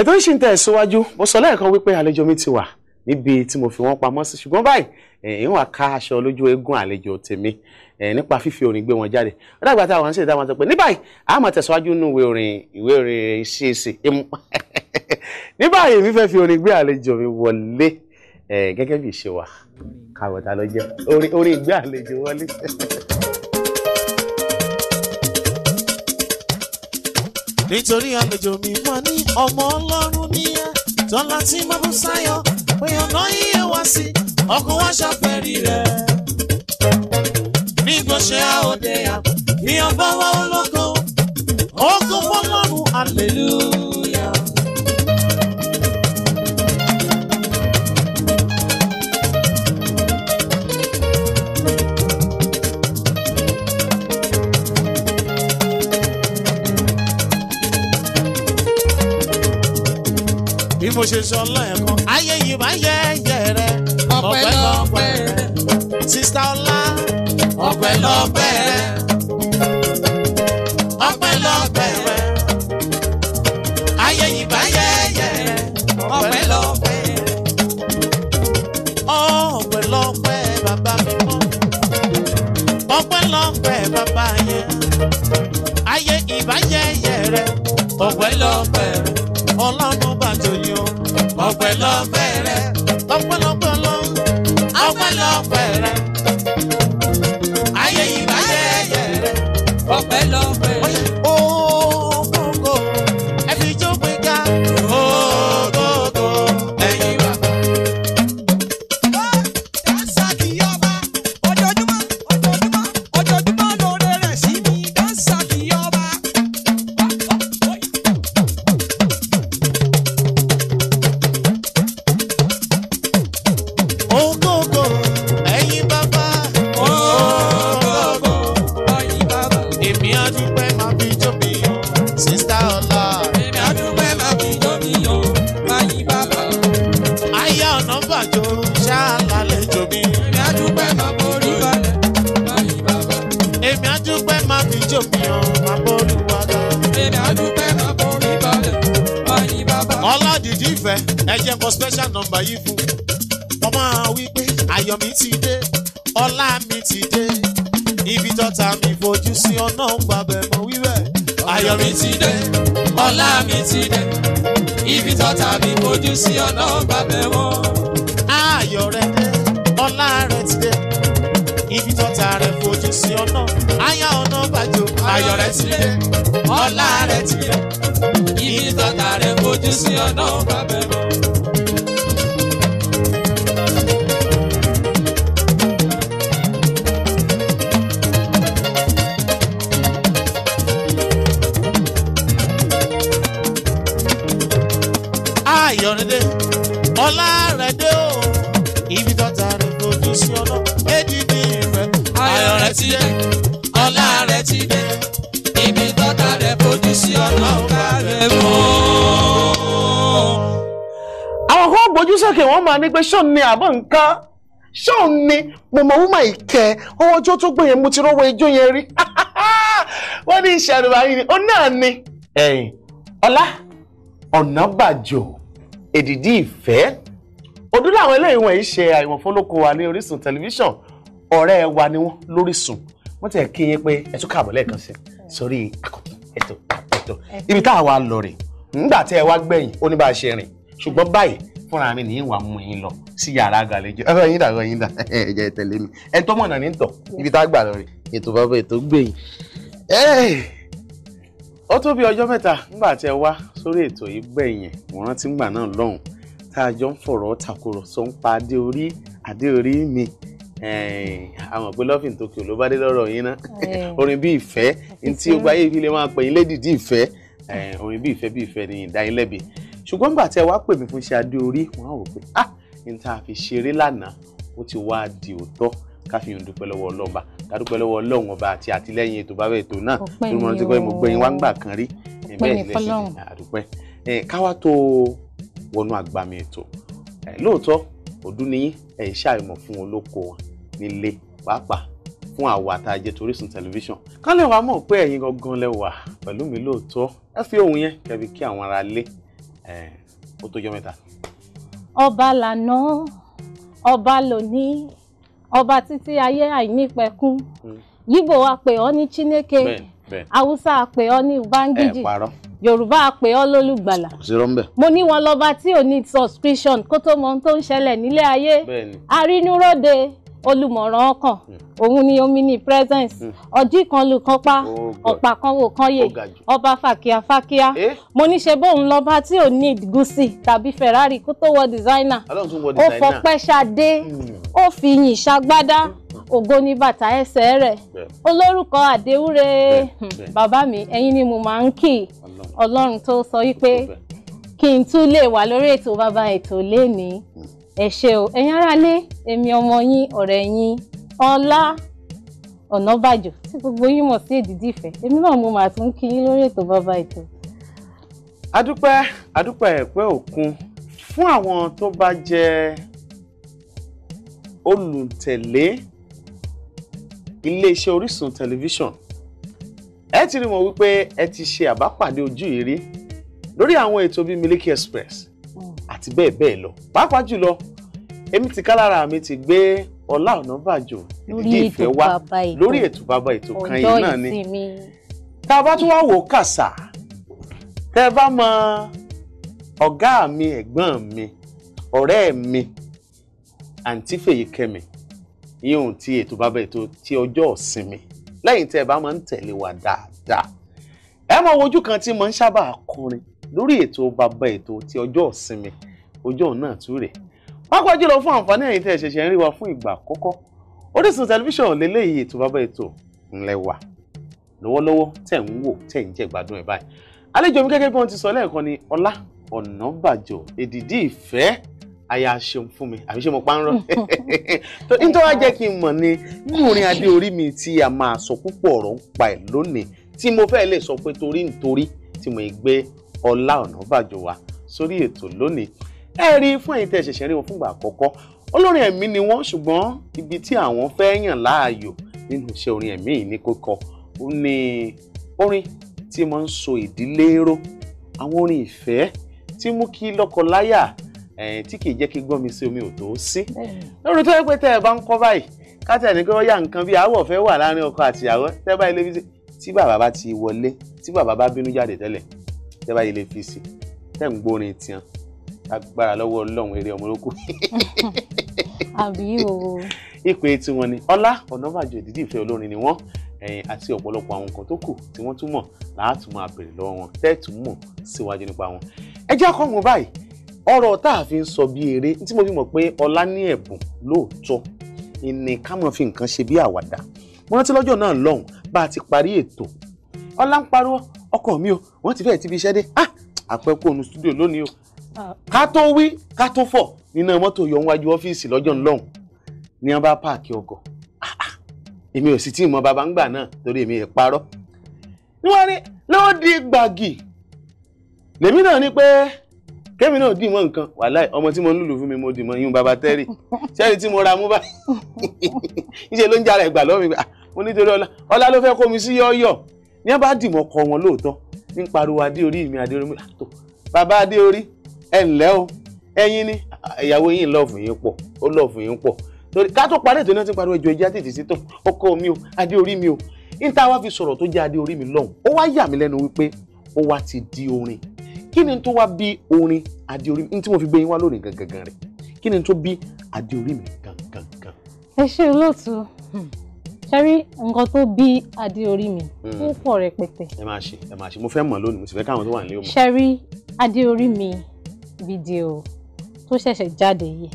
ètò ìṣìn tẹ̀ síwájú mo sọ lẹ́ẹ̀kan wípé àlejò mi ti wà níbi tí mo fi wọ́n pamọ́ sí ṣùgbọ́n báyìí ìwọ̀n àka aṣọ lójú eégún àlejò tèmi nípa fífi orin gbé wọn jáde ọ̀dàgbà tá àwọn ṣe ìdáwọn sọ pé ní báyìí a máa tẹ̀síwájú nínú ìwé orin ìwé orin ṣíṣe ní báyìí mi fẹ́ fi orin gbé àlejò mi wọlé gẹ́gẹ́ bí ìṣe wa kàwé ta jẹ́ orin ìgbé àlejò wọlé. nítorí àlejò mi mọ ní ọmọ ọlọ́run ní ẹ tọ́lá tí mo bú sáyọ pé ọ̀nà yíyẹ wá sí ọkùn wá ṣàfẹ́rí rẹ ṣọlá ẹ̀kan ayé yìí máa yẹ ẹyẹ rẹ ọpẹ́lọpẹ́ rẹ sista ọlá ọpẹ́lọpẹ́ rẹ ọpẹ́lọpẹ́ rẹ. èmi àdúpẹ́ máa fi jòpìyàn máa borí wàdà. èmi àdúpẹ́ máa borí balẹ̀ báyìí bàbá. ọlọ́dìdí ìfẹ́ ẹ jẹ́ kó special number yìí fún wọ́n máa wí pé ayọ̀ mi ti dé ọlá mi ti dé ibi tọ́ta mi fojú sí ọ̀nà gbàgbẹ́ mọ́ wíwẹ̀. ayọ̀ mi ti dé ọlá mi ti dé ibi tọ́ta mi fojú sí ọ̀nà gbàgbẹ́ mọ́. ayọ̀ rẹ dé ọlá rẹ sí ọ̀nà aya ọ̀nà bàjọ́ ayọ̀ rẹ̀ ti dé ọlá rẹ̀ ti dé ibi tọ́ta rẹ̀ fojú sí ọ̀nà bàbá. máa ní pé ṣóun ni àbọ̀ nǹkan ṣóun ni mọ̀mọ́ wúmà ìkẹ́ owó ọjọ́ tó gbé yẹn mo ti rówó ijó yẹn rí wọ́n ní ìṣẹ̀rùbá yìí ni ó náà ni ẹ̀yìn ọlá ọ̀nàbàjò èdìdí ìfẹ́ ọdún làwọn eléyìí wọ̀nyí ṣe àìwọ̀n fọlọ́kọ wa ní Orísun tẹlifíṣàn ọ̀rẹ́ wa ni wọ́n lórísun wọ́n ti ẹ̀ kí yín pé ẹ tún káàbọ̀ lẹ́ẹ̀kan sí sórí àkọ́kọ́ ètò ibi tá lọ rè nígbà tí ẹ wá gbẹ̀yìn ó ní bá a ṣe rìn ṣùgbọ́n báyìí fúnra mi ní ìwà mú yín lọ sí yàrá gàlejò ọ̀rọ̀ yín dàrọ̀ yín dà ẹ tẹ̀lé mi ẹni tó mọ̀nà ní tọ̀ ibi tá a gbà lọ ètò bàbá ètò gbẹ̀yìn. ó tó bí ọjọ́ mẹ́ta nígbà tí ẹ wá sórí ètò yìí gbẹ̀yìn náà lọ́hùn tá a jọ ń fọ̀rọ̀ ń pa adé orí mi àwọn tó ó ló bá dé lọ́rọ̀ yín orin bí ìfẹ́ ní tí ṣùgbọ́n gbà tí ẹ wá pè mí fún iṣẹ́ adé orí wọn á wò pé ah n ta fi ṣeré lánàá ó ti wá di òótọ́ ká fi yàn dúpẹ́ lọ́wọ́ ọlọ́run bá ká dúpẹ́ lọ́wọ́ ọlọ́run ọba àti àtìlẹ́yìn ètò bàbá ètò náà tó mọ̀ ní pé mo gbẹ̀yìn wá ń gbà kan rí bẹ́ẹ̀ ni lẹ́sìn àdúpẹ́ káwá tó wọnú àgbàmì ètò lóòótọ́ ọdún ni ẹ̀ ń ṣàìmọ̀ fún olóko nílé pàápàá fún àwa tá torísun tẹlifíṣàn kán lè mọ̀ pé ẹ̀yin gangan lẹ wà pẹ̀lú mi lóòótọ́ ẹ fi ohun yẹn kẹbi kí àwọn ará lé ó tó jọ mẹ́ta. ọba lànà ọba lónìí ọba títí ayé àìnípẹ̀kun hmm. yíbò a pè ní chineke haúsá a pè ní ubangiji yorùbá a pè ọ́ lólùgbàlà mo ní wọn lọ́ba tí ò ní subscription kó tó mọ ohun tó ń ṣẹlẹ̀ nílé ayé arínúróde olùmọ̀ràn ọkàn hmm. òun ni omi ni presence hmm. ọjí kan lù kan pa ọ̀pá kan wò kan yè ọba fàkíàfàkíà mo ní ṣe bóun lọ́ba tí ò ní gúúsì tàbí ferrari kó tó wọ designer ó fọpẹ́ ṣadé hmm. ó fi yìn ṣagbádá ògo ni bàtà ẹsẹ̀ rẹ̀ olórúkọ àdéwúre bàbá mi ẹ̀yin ni mo máa ń kì ọlọ́run tó sọ wípé kí n tún lè wà lórí ètò bàbá ètò lénìí ẹ ṣé o ẹ̀yin aráalé èmi ọmọ yín ọ̀rẹ́ yín Ọlá Ọ̀nàbàjọ́ tí gbogbo yín mọ̀ sí èdìdì ìfẹ́ èmi náà mo máa tún kí yín lórí ètò bàbá ètò. adúpẹ́ adúpẹ́ ẹ̀pẹ́ òkun fún àwọn tó bá jẹ́ olùtẹ̀lé iléeṣẹ́ Orísun tẹlifíṣàn ẹ ti rí wọn wípé ẹ ti ṣe àbápàdé ojú ìrí lórí àwọn ètò bíi Miliki Express hmm. àti bẹ́ẹ̀ bẹ́ẹ̀ lọ pàápàá jùlọ èmi ti ká lára mi ti gbé Ọlá Ọ̀nàbàjọ ìdí ìfẹ́ wa lórí ètò bàbá ètò kan yìí náà ni tá a bá tún wá wò kàṣà tẹ́ ẹ bá mọ ọ̀gá mi ẹ̀gbọ́n mi ọ̀rẹ́ mi àǹtí Fèyíkẹ́mi yíyún ti ètò bàbá ètò ti ọjọ́ ìsinmi lẹ́yìn tẹ́ ẹ bá máa ń tẹ̀lé wa dáadáa ẹ mọ ojú kan tí mo ń sábà kọrin lórí ètò bàbá ètò ti ọjọ́ ìsinmi ọjọ́ náà tún rèé pápá jùlọ fún àǹfààní ẹ̀yin tẹ́ ẹ ṣẹ̀ṣẹ̀ ń rí wa fún ìgbà àkọ́kọ́ Orísun tẹlifíṣàn lélẹ́yìí ètò bàbá ètò ńlẹ̀ wà lọ́wọ́lọ́wọ́ tẹ̀ ń wò tẹ̀ ń jẹ́ gbádùn ẹ̀ báyìí àlejò mi gẹ́gẹ́ bí wọ́n ti sọ lẹ́ẹ̀kan ni Ọlá Ọ̀nàbàjọ èdìdí ìfẹ́ aya ṣeun fún mi àbí ṣe mo pa ń rọ nítorí wàá jẹ́ kí n mọ̀ ni nínú orin adé orí mi tí a máa sọ púpọ̀ ọ̀rọ̀ ń pa ẹ̀ lónìí tí mo fẹ́ lè sọ pé torí nítorí tí mo gbé Ọlá Ọ̀nàbàjọ wá sórí ètò lónìí ẹ rí fún ẹ̀yin tẹ́ ṣẹ̀ṣẹ̀ rí wọn fúngbà àkọ́kọ́ olórin ẹ̀mí ni wọ́n ṣùgbọ́n ibi tí àwọn fẹ́ yàn láàyò nínú iṣẹ́ orin ẹ̀mí yìí ní kókọ ó ní orin tí mo ń so ìdílé ró àwọn orin ìfẹ́ tí mú kí lọ́kọláyà tí kì í jẹ́ kí gbọ́n mi sí omi ò tó sí lórí tó yẹ pé tẹ́ ẹ bá ń kọ́ báyìí kátà ní kí wọ́n yá nǹkan bí àwọ̀ fẹ́ wà láàrin ọkọ àti ìyàwó tẹ́ báyìí lè fi sí tí bàbá bá ti wọlé tí bàbá bá bínú jáde tẹ́lẹ̀ tẹ́ báyìí lè fi sí tẹ́ ń gbórin tiẹ̀ agbára lọ́wọ́ ọlọ́run eré ọmọ olóko. àbí o. ìpè tí wọ́n ní ọlá ọ̀nàbàjọ ìdídì ìfẹ́ olórin ni wọ́n àti ọ̀pọ̀lọpọ̀ àwọn nǹkan tó kù tí wọ́n tún mọ̀ láàtú máa bèrè lọ́wọ́ wọn tẹ́ẹ̀tù mọ̀ síwájú nípa wọn. ẹ jẹ́ àkọ́ wọn báyìí ọ̀rọ̀ tá a fi ń sọ bí eré tí mo fi mọ̀ pé ọlá ní ẹ̀bùn lóòótọ́ ìní ká mọ̀ fi nǹkan ṣe bí àwàdà mo rántí lọ́jọ́ náà lọ́hùn bá a ti parí ètò ọlá ń pariwo ọkọ mi o wọ́n ti fẹ́ẹ̀ ti fi iṣẹ́ dé ah àpẹkọ stúdíò lónìí o ká tó wí ká tó fọ̀ nínú mọ́tò yọ níwájú ọ́fíìsì lọ́jọ́ ńlọ́hùn ni wọ́n bá páàkì ọkọ̀ ah, ah, èmi ò sì tí ì mọ bàbá ń gbà náà torí èmi ẹ̀ parọ́ níwọ̀n ni lọ́ọ́ di gbàgì lèmi náà ni pé kẹ́mi náà dì mọ́ nǹkan wàláì ọmọ tí mo ń lùlù fún mi mo dì mọ́ yún baba tẹ́rì sẹ́ni tí mo ra mú báyìí níṣẹ́ ló ń jára ẹ̀gbà lọ́wọ́ mi gbà ah, mo nítorí ọlá ọlá ló fẹ́ kó mi sí yọ́ọ́yọ́ ní wọ́n bá dì mọ́ kọ wọn lóòótọ́ ní pariwo adé orí mi adé orí mi bàbá adé ẹ ǹlẹ́ o ẹ̀yin ni ìyàwó yín lọ́ọ̀fù yín pọ̀ ó lọ́ọ̀fù yín pọ̀ torí ká tó parí ètò iná tí ń pariwo ẹjọ́ ẹjẹ́ àtìtì sí tó ọkọ mi o adé orí mi o níta wá fi sọ̀rọ̀ tó jẹ́ adé orí mi lọ́hùn ó wá yà mí lẹ́nu wípé ó wá ti di orin kí ni tó wá bí orin adé orí mi ní tí mo fi gbé yín wá lónìí gangan rẹ̀ kí ni tó bí adé orí mi gangan. ẹ ṣe olóòtú hmm. ṣẹ́rí nǹkan tó bí adé orí mi hmm. ó pọ̀ rẹpẹtẹ. ẹ máa ṣe ẹ máa ṣe mo fẹ́ mọ̀ lónìí mo sì fẹ́ káwọn tó wà nílé ó mọ̀. ṣẹ́rí adé orí mi fídíò tó ṣẹ̀ṣẹ̀ jáde yìí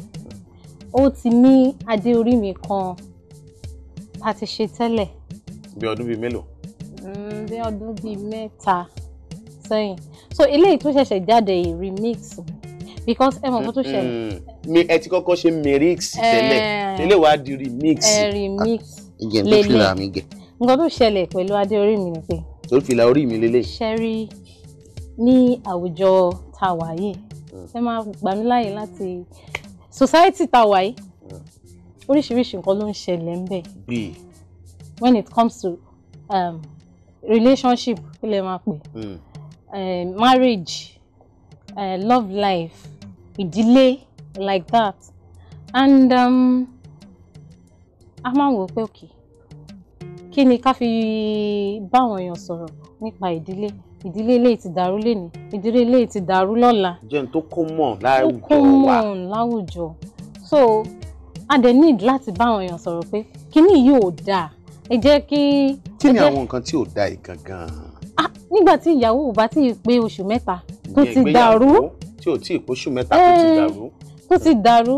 ó ti ní adé orí mi kan tá a ti ṣe tẹ́lẹ̀. bí ọdún bíi mélòó. Mm, bí ọdún bíi mẹ́ta sẹ́yìn so eléyìí tó ṣẹ̀ṣẹ̀ jáde yìí remix because ẹ mọ̀ kó tó ṣẹlẹ̀. mi ẹ ti kọ́kọ́ ṣe mérix tẹ́lẹ̀ tẹ́lẹ̀ eh. wàá di remix. ẹ eh, remix ah, lélẹ̀ nǹkan tó ṣẹlẹ̀ pẹ̀lú adé orí mi ni pé. tó fi la orí mi lélẹ̀. ṣẹ́rí ní àwùjọ tá yìí ẹ máa gbà mí láàyè láti society tá a wà yìí hmm. oríṣiríṣi nǹkan ló ń ṣẹlẹ̀ ń bẹ̀. when it comes to um, relationship kí lè máa pè. Hmm. Um, marriage uh, love life ìdílé like that and um, a máa wò pé òkè kí ni ká fi báwọn èèyàn sọ̀rọ̀ nípa ìdílé ìdílé eléyìí ti dàrú lénìí ìdílé eléyìí ti dàrú lọ́la. jẹun tó kó mọ̀ láwùjọ wa tó kó mọ̀ láwùjọ so a dẹ̀ need láti báwọn èèyàn sọ̀rọ̀ pé kíní yìí ò dáa ẹ jẹ́ kí. kí ni àwọn nǹkan tí ò dáa yìí gangan. ah nígbà tí ìyàwó ò bá tí ì pé oṣù mẹ́ta tó ti dàrú. tí ò tí ì póṣù mẹ́ta tó ti eh, dàrú. tó ti dàrú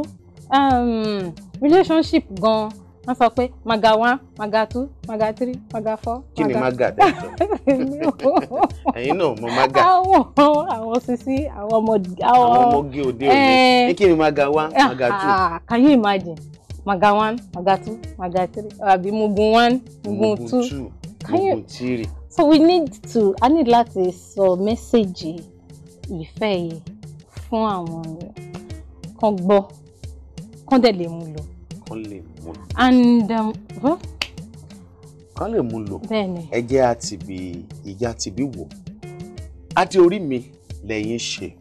um, relationship gan-an wọ́n sọ pé maga one maga two maga three maga four. kí ni maga dájọ ẹyin náà mọ maga. àwọn àwọn sisi àwọn ọmọdé. àwọn ọmọge òde òde eh. kí ni maga one ah, maga two. Ah, can you imagine maga one maga two maga three àbí mugun one mugun two mugun three. so we need to i need láti sọ mẹ́sẹ̀gì ìfẹ́ yìí fún àwọn kan gbọ́ kán dẹ̀ lè mú lò kán lè mú lò. and um, kán lè mú lò ẹ jẹ́ àtìbí ìyá àtìbí wò àti orí mi lẹ́yìn ṣe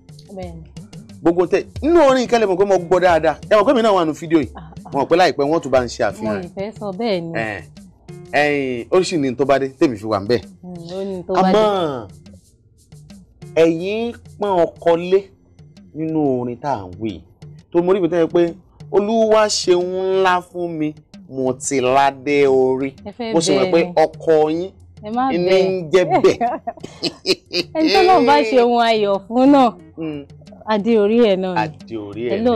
gbogbo tẹ nínú orin ìkẹlẹ mọ̀ pé mo gbọ́ dáadáa ẹ mọ̀ pé mi náà wà nù fídíò yìí wọn ah, ah. pẹ láìpẹ́ wọn tún bá ń ṣe àfihàn rẹ̀. mo ìfẹ́ sọ bẹ́ẹ̀ ni. ẹyin ó sì ní tó bá dé tèmi fi wà ń bẹ̀. Hmm, ó ní ọkọ lé nínú orin tá à ń wí tó mo rí ibi tó yẹ pé olúwa ṣeun ńlá fún mi mo ti ládé orí mo sì mọ̀ pé ọkọ yín ní ń jẹ́ bẹ́ẹ̀. ẹni tó náà bá ṣe ohun ayọ̀ fún náà hmm. adé orí ẹ̀ náà ni adé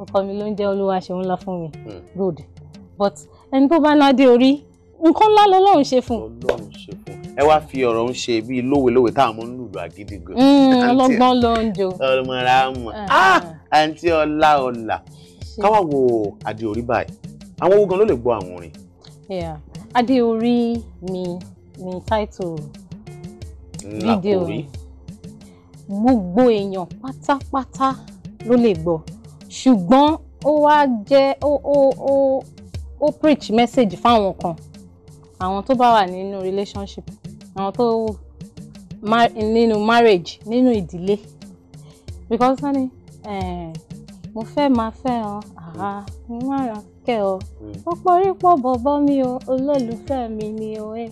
ọkọ mi ló ń jẹ́ olúwa ṣeun ńlá fún mi hmm. good but ẹni tó bá ládé orí nǹkan ńlá lọ́lọ́run ṣe fún. lọ́lọ́run ṣe fún ẹ wá fi ọ̀rọ̀ ń ṣe bíi lówelówe táwọn ọmọ ń lùlù àgídìgbò. Hmm, ọlọ́gbọ́n ló ń jò. ọmọ ra mọ̀ ah. ah! àǹtí ọlá ọlà káwá wo adé orí báyìí àwọn owó gan ló lè gbọ́ àwọn orin. adé orí mi ni táìtò fídíò mi gbogbo èèyàn pátápátá ló lè gbọ́ ṣùgbọ́n ó wá jẹ́ ó ó ó preach message fáwọn kan àwọn tó bá wà nínú relationship àwọn tó nínú marriage nínú ìdílé because honey. Eh, mo fẹ́ máa fẹ́ hàn áà mo máa ràn kẹ́ ọ ó hmm. pọrípọ̀ mi o olólùfẹ́ mi ni o ẹ.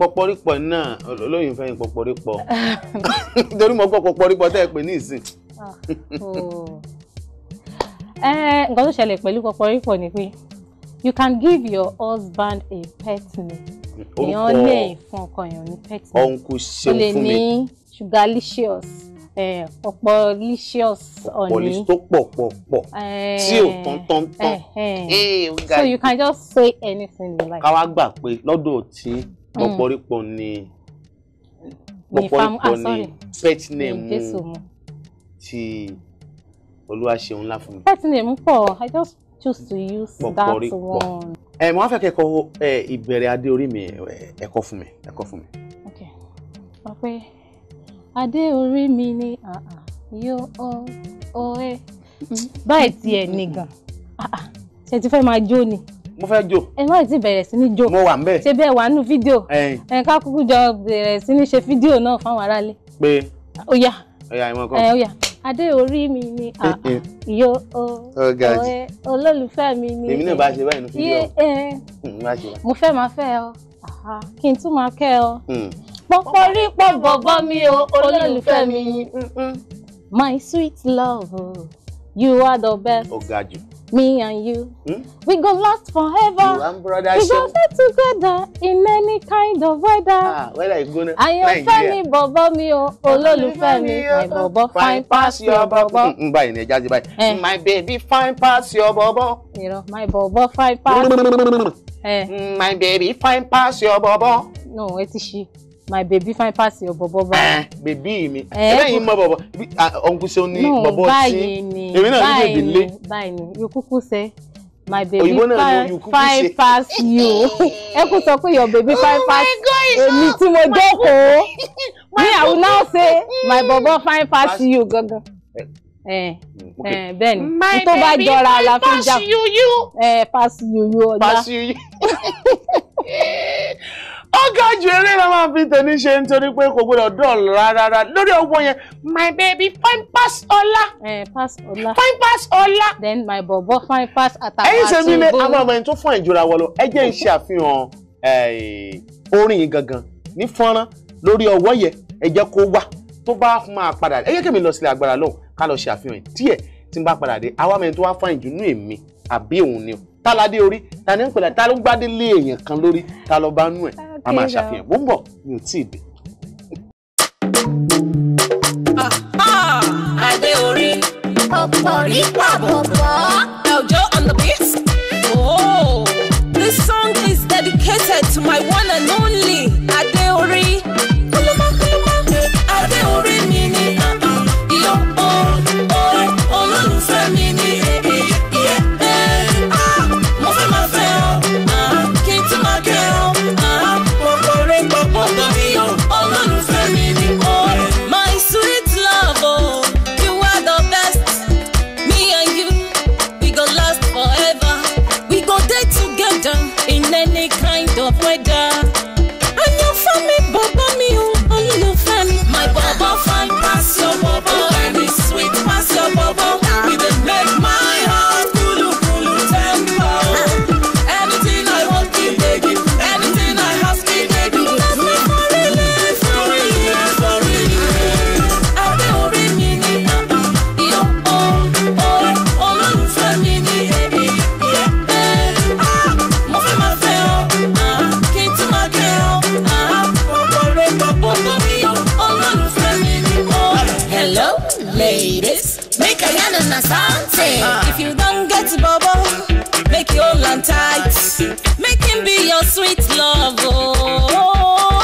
pọpọrípọ náà olóyìn fẹ́ yín pọpọrípọ nítorí mo gbọ́ pọpọrípọ tẹ́ ẹ pè ní ah, oh. eh, nǹkan tó ṣẹlẹ̀ pẹ̀lú pọpọrípọ ni pé you can give your husband a pet name èèyàn lè fún ọkọ èèyàn ní pet name ó lè ní sugarlicious ọ̀pọ̀ licious ọ̀ní ọ̀pọ̀ licious tó pọ̀ pọ̀ pọ̀ tí ò tán tán tán so you can just say anything you like. káwá gbà pé lọ́dọ̀ tí mm. pọ̀pọ̀rípọ̀ ni pọ̀pọ̀rípọ̀ ni ah, pet name ti Olúwaṣeun Láfúnmi. pet name pọ̀ i just choose to use that one. ẹ mo wá kẹ́kọ̀ọ́ ìbẹ̀rẹ̀ adé orí mi ẹ̀kọ́ fún mi ẹ̀kọ́ fún mi. ok Okay adé orí mi ni yó ó òwe. báyìí tiẹ̀ nìgàn ṣe ti fẹ́ máa jó ni mo fẹ́ jò. ẹ má ti bẹ̀rẹ̀ sí ní jò. mo wà ń bẹ̀. ṣe bẹ́ẹ̀ wà nínú fídíò. ẹ ká kúkú jọ bẹ̀rẹ̀ sí ní ṣe fídíò náà fáwọn aráalé. pé ó yá. ó yá ìmọ̀ kan. ẹ ó yá adé orí mi ni ìyó eh, eh. òwe olólùfẹ́ mi ni. èmi náà bá ṣe báyìí nínú fídíò. Hmm, mo fẹ́ máa fẹ́ ọ kí n tún máa kẹ́ ọ hmm pọ̀pọ̀rí pọ̀ bọ̀bọ̀ mi o olólùfẹ́ mi my sweet love you are the best. ó ga jù me and you. Hmm? We go last forever. You and brother We show. go stay together in any kind of weather. Ah, weather is good. go to Àyànfẹ́ mi bọ̀bọ̀ mi o, olólùfẹ́ mi, my bọ̀bọ̀ fine pass your bọ̀bọ̀. Mm, báyìí ni ẹja ti báyìí. Eh. My baby fine pass your bọ̀bọ̀. my bọ̀bọ̀ fine pass. Mm, eh. My baby fine pass your bọ̀bọ̀. No, ẹ ti ṣí my baby fine pass your bọ̀bọ̀ báyìí. bèbí mi ẹlẹ́yin mọ bọ̀bọ̀ ọ̀nkúṣe ni bọ̀bọ̀ tí èmi náà ní bèbí lé. báyìí ni you kúkú sẹ́ my baby fine fine pass you ẹ kò sọ pé your baby fine oh pass èmi ah! tí mo jókòó me i will now say my bọ̀bọ̀ fine pass you gangan eh. eh, mm, eh, bẹ́ẹ̀ni tó bá jọra la fi jà pass you you ọjà. pass you you. ó ga jù eré la máa fi tèmi ṣe nítorí pé kò gbọdọ̀ dán rárá lórí owó yẹn my baby fine pass ọlá. ẹ pass ọlá fine pass ọlá. then my bobo fine pass àtàwọn àti ìbò. ẹ̀yin ṣe mí lé àwọn ọmọ ẹni tó fún ìjọra wọ lọ ẹ jẹ́ ń ṣe àfihàn orin yìí gangan ní fọ́nrán lórí ọwọ́ yẹ ẹ jẹ́ kó wà tó bá máa padà ẹ jẹ́ kí mi lọ sílẹ̀ agbára lọ́hùn ká lọ ṣe àfihàn díẹ̀ tí n bá padà dé àwa mẹ́rin tó wá fún ìjùnú èmi àbí òun ni o táládé orí ta ni ń pèlè ta ló gbádé lé èèyàn kan lórí ta lọ a máa ṣàfihàn mò ń bọ̀ mi ò tí ì dé. Adé orí, pọ̀pọ̀ rí pàbọ̀bọ̀. Ẹ̀jọ̀ on the beat. for me, Baba me, oh, oh no fan. My Baba fan pass your ladies. Make a yan on asante. Uh. Ah. If you don't get bubble, make your land tight. Make him be your sweet love. Oh.